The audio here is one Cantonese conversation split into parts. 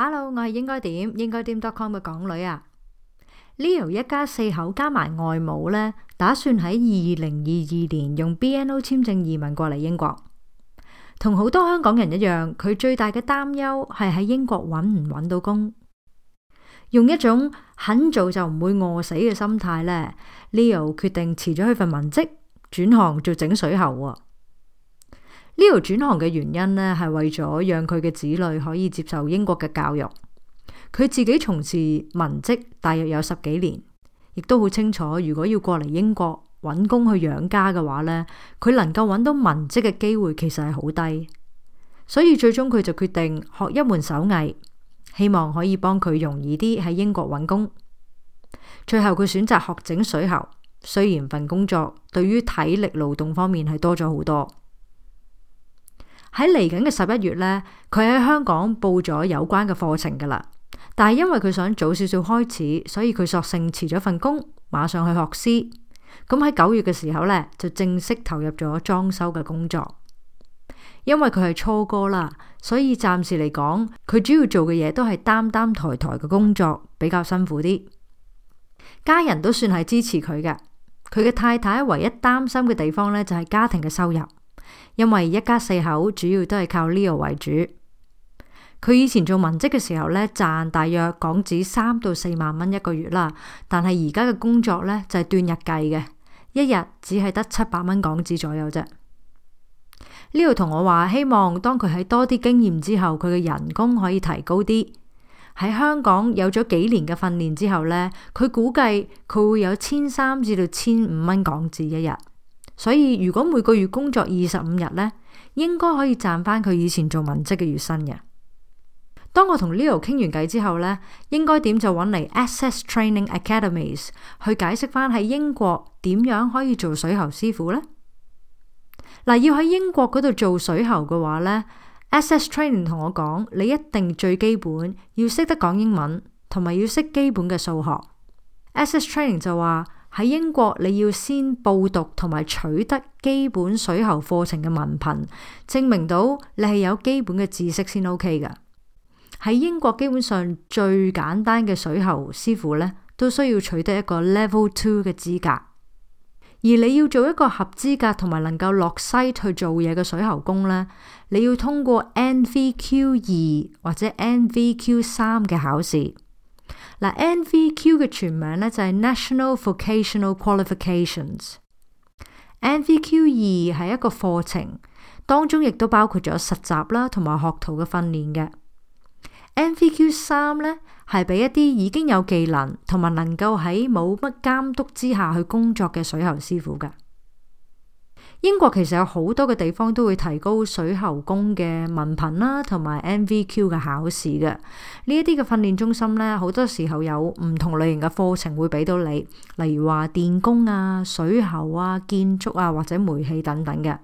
Hello，我係應該點應該點 dotcom 嘅港女啊，Leo 一家四口加埋外母咧，打算喺二零二二年用 BNO 簽證移民過嚟英國。同好多香港人一樣，佢最大嘅擔憂係喺英國揾唔揾到工。用一種肯做就唔會餓死嘅心態咧，Leo 決定辭咗佢份文職，轉行做整水喉嘅。呢條轉行嘅原因呢，係為咗讓佢嘅子女可以接受英國嘅教育。佢自己從事文職大約有十幾年，亦都好清楚，如果要過嚟英國揾工去養家嘅話呢，佢能夠揾到文職嘅機會其實係好低，所以最終佢就決定學一門手藝，希望可以幫佢容易啲喺英國揾工。最後佢選擇學整水喉，雖然份工作對於體力勞動方面係多咗好多。喺嚟緊嘅十一月呢，佢喺香港報咗有關嘅課程㗎喇，但係因為佢想早少少開始，所以佢索性辭咗份工，馬上去學師。咁喺九月嘅時候呢，就正式投入咗裝修嘅工作。因為佢係初哥啦，所以暫時嚟講，佢主要做嘅嘢都係擔擔抬抬嘅工作，比較辛苦啲。家人都算係支持佢嘅，佢嘅太太唯一擔心嘅地方呢，就係家庭嘅收入。因為一家四口主要都係靠 Leo 為主。佢以前做文職嘅時候咧，賺大約港紙三到四萬蚊一個月啦。但係而家嘅工作咧，就係斷日計嘅，一日只係得七百蚊港紙左右啫。Leo 同我話希望當佢喺多啲經驗之後，佢嘅人工可以提高啲。喺香港有咗幾年嘅訓練之後咧，佢估計佢會有千三至到千五蚊港紙一日。所以如果每個月工作二十五日呢，應該可以賺翻佢以前做文職嘅月薪嘅。當我同 Leo 傾完偈之後呢，應該點就揾嚟 Access Training Academies 去解釋翻喺英國點樣可以做水喉師傅呢？嗱，要喺英國嗰度做水喉嘅話呢，Access Training 同我講，你一定最基本要識得講英文，同埋要識基本嘅數學。Access Training 就話。喺英國，你要先報讀同埋取得基本水喉課程嘅文憑，證明到你係有基本嘅知識先 OK 嘅。喺英國，基本上最簡單嘅水喉師傅咧，都需要取得一個 Level Two 嘅資格。而你要做一個合資格同埋能夠落 site 去做嘢嘅水喉工咧，你要通過 NVQ 二或者 NVQ 三嘅考試。嗱 NVQ 嘅全名咧就係 National Vocational Qualifications，NVQ 二係一個課程，當中亦都包括咗實習啦，同埋學徒嘅訓練嘅。NVQ 三咧係俾一啲已經有技能，同埋能夠喺冇乜監督之下去工作嘅水喉師傅㗎。英國其實有好多嘅地方都會提高水喉工嘅文憑啦、啊，同埋 NVQ 嘅考試嘅。呢一啲嘅訓練中心呢，好多時候有唔同類型嘅課程會俾到你，例如話，電工啊、水喉啊、建築啊或者煤氣等等嘅。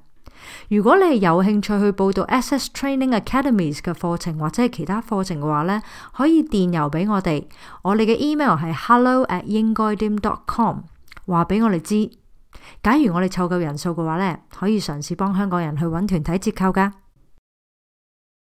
如果你係有興趣去報讀 Access Training Academies 嘅課程或者係其他課程嘅話呢，可以電郵俾我哋，我哋嘅 email 係 hello at 應該點 .com，話俾我哋知。假如我哋湊夠人數嘅話咧，可以嘗試幫香港人去揾團體折扣㗎。